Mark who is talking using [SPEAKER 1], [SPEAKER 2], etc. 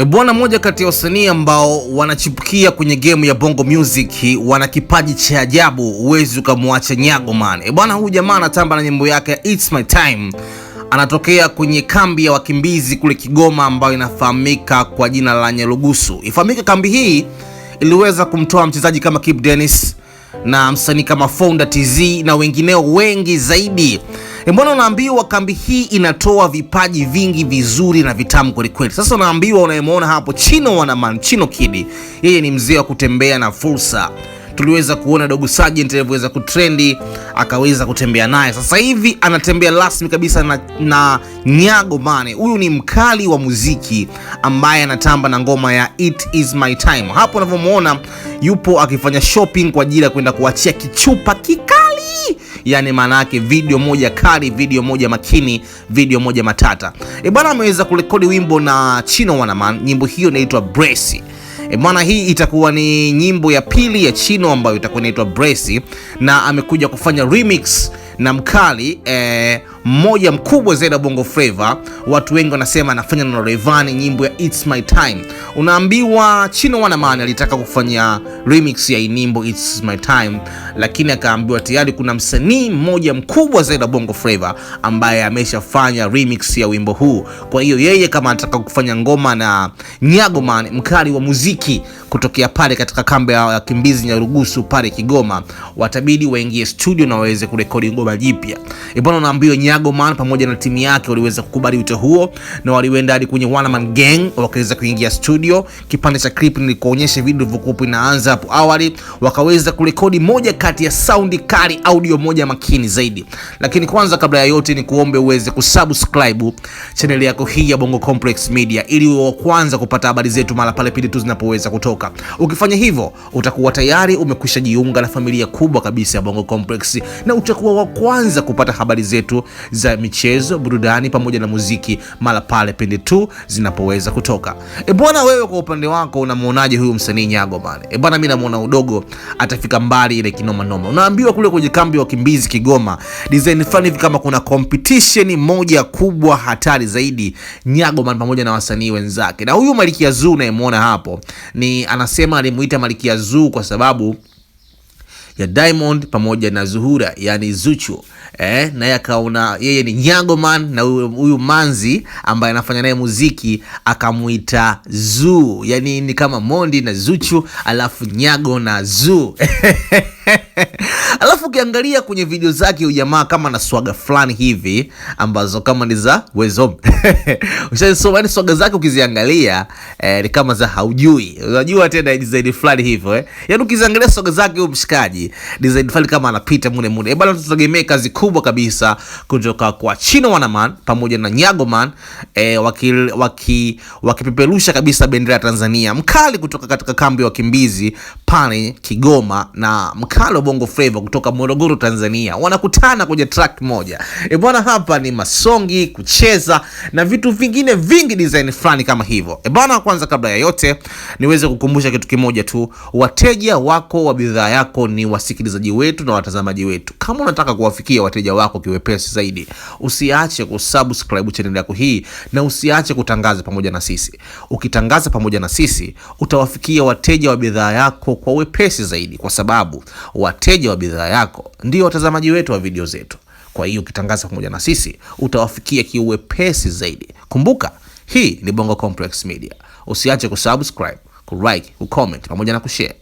[SPEAKER 1] E, bwana mmoja kati ya wasanii ambao wanachipukia kwenye game ya Bongo Music wana kipaji cha ajabu, huwezi ukamwacha nyago man. E bwana, huyu jamaa anatamba na nyimbo yake ya It's My Time. Anatokea kwenye kambi ya wakimbizi kule Kigoma ambayo inafahamika kwa jina la Nyarugusu. Ifahamike kambi hii iliweza kumtoa mchezaji kama Kip Dennis na msanii kama Founder TZ na wengineo wengi zaidi. Eh, mbona unaambiwa kambi hii inatoa vipaji vingi vizuri na vitamu kwelikweli. Sasa unaambiwa, unayemwona hapo Chino Wanaman, Chino Kidi, yeye ni mzee wa kutembea na fursa tuliweza kuona Dogo Sergeant alivyoweza kutrendi akaweza kutembea naye. Sasa hivi anatembea rasmi kabisa na, na Nyago Mane. Huyu ni mkali wa muziki ambaye anatamba na ngoma ya It Is My Time. Hapo unavyomwona yupo akifanya shopping kwa ajili ya kwenda kuachia kichupa kika yani maana yake video moja kali, video moja makini, video moja matata. E bwana ameweza kurekodi wimbo na Chino Wanaman, nyimbo hiyo inaitwa bresi E bwana, hii itakuwa ni nyimbo ya pili ya Chino ambayo itakuwa inaitwa bresi na amekuja kufanya remix na mkali eh, mmoja mkubwa zaidi wa Bongo Flava, watu wengi wanasema anafanya na Rayvanny nyimbo ya It's My Time. Unaambiwa Chino Wana Wanamani alitaka kufanya remix ya nyimbo It's My Time, lakini akaambiwa tayari kuna msanii mmoja mkubwa zaidi wa Bongo Flava ambaye ameshafanya remix ya wimbo huu. Kwa hiyo yeye kama anataka kufanya ngoma na Nyago Man, mkali wa muziki kutokea pale katika kambi ya wakimbizi Nyarugusu pale Kigoma, watabidi waingie studio na waweze kurekodi ngoma jipya. Ibona e unaambiwa Nyago Man pamoja na timu yake waliweza kukubali wito huo na walienda hadi kwenye One Man Gang, wakaweza kuingia studio. Kipande cha clip nilikuonyesha video ilivyokuwa inaanza hapo awali, wakaweza kurekodi moja kati ya saundi kali, audio moja makini zaidi. Lakini kwanza kabla ya yote, ni kuombe uweze kusubscribe channel yako hii ya Bongo Complex Media ili uwe kwanza kupata habari zetu mara pale pindi tu zinapoweza kutoka. Ukifanya hivyo, utakuwa tayari umekwisha jiunga na familia kubwa kabisa ya Bongo Complex na utakuwa wa kwanza kupata habari zetu za michezo, burudani pamoja na muziki mara pale pindi tu zinapoweza kutoka. E bwana, wewe kwa upande wako unamuonaje huyu msanii Nyago bana? E bwana, mimi namuona udogo atafika mbali ile kinoma noma. Unaambiwa kule kwenye kambi ya wakimbizi Kigoma design fulani hivi kama kuna competition moja kubwa hatari zaidi Nyago man pamoja na wasanii wenzake, na huyu Malikia Zuu unayemwona hapo ni anasema alimuita Malikia Zuu kwa sababu ya Diamond pamoja na Zuhura yani Zuchu eh, naye akaona yeye ni Nyagoman na huyu manzi ambaye anafanya naye muziki akamuita Zu, yani ni kama Mondi na Zuchu alafu Nyago na Zu Alafu ukiangalia kwenye video zake huyu jamaa kama na swaga fulani hivi ambazo kama ni za wezom. Ushanisoma, yani swaga zake ukiziangalia eh, ni kama za haujui. Unajua tena design fulani hivyo eh. Yaani ukiziangalia swaga zake huyu mshikaji, design fulani kama anapita mune mune. Eh, bado tutegemee kazi kubwa kabisa kutoka kwa Chino Wanaman pamoja na Nyago Man eh, waki, waki, wakipeperusha kabisa bendera ya Tanzania. Mkali kutoka katika kambi ya wakimbizi pale Kigoma na mkali Bongo flavor kutoka Morogoro, Tanzania wanakutana kwenye track moja. E bwana, hapa ni masongi, kucheza na vitu vingine vingi design fulani kama hivyo. E bwana, kwanza kabla ya yote niweze kukumbusha kitu kimoja tu, wateja wako wa bidhaa yako ni wasikilizaji wetu na watazamaji wetu. Kama unataka kuwafikia wateja wako kiwepesi zaidi, usiache kusubscribe channel yako hii na usiache kutangaza pamoja na sisi. Ukitangaza pamoja na sisi utawafikia wateja wa bidhaa yako kwa wepesi zaidi, kwa sababu wateja wa bidhaa yako ndio watazamaji wetu wa video zetu. Kwa hiyo ukitangaza pamoja na sisi utawafikia kiuwepesi zaidi. Kumbuka hii ni Bongo Complex Media, usiache kusubscribe, kulike, kucomment pamoja na kushare.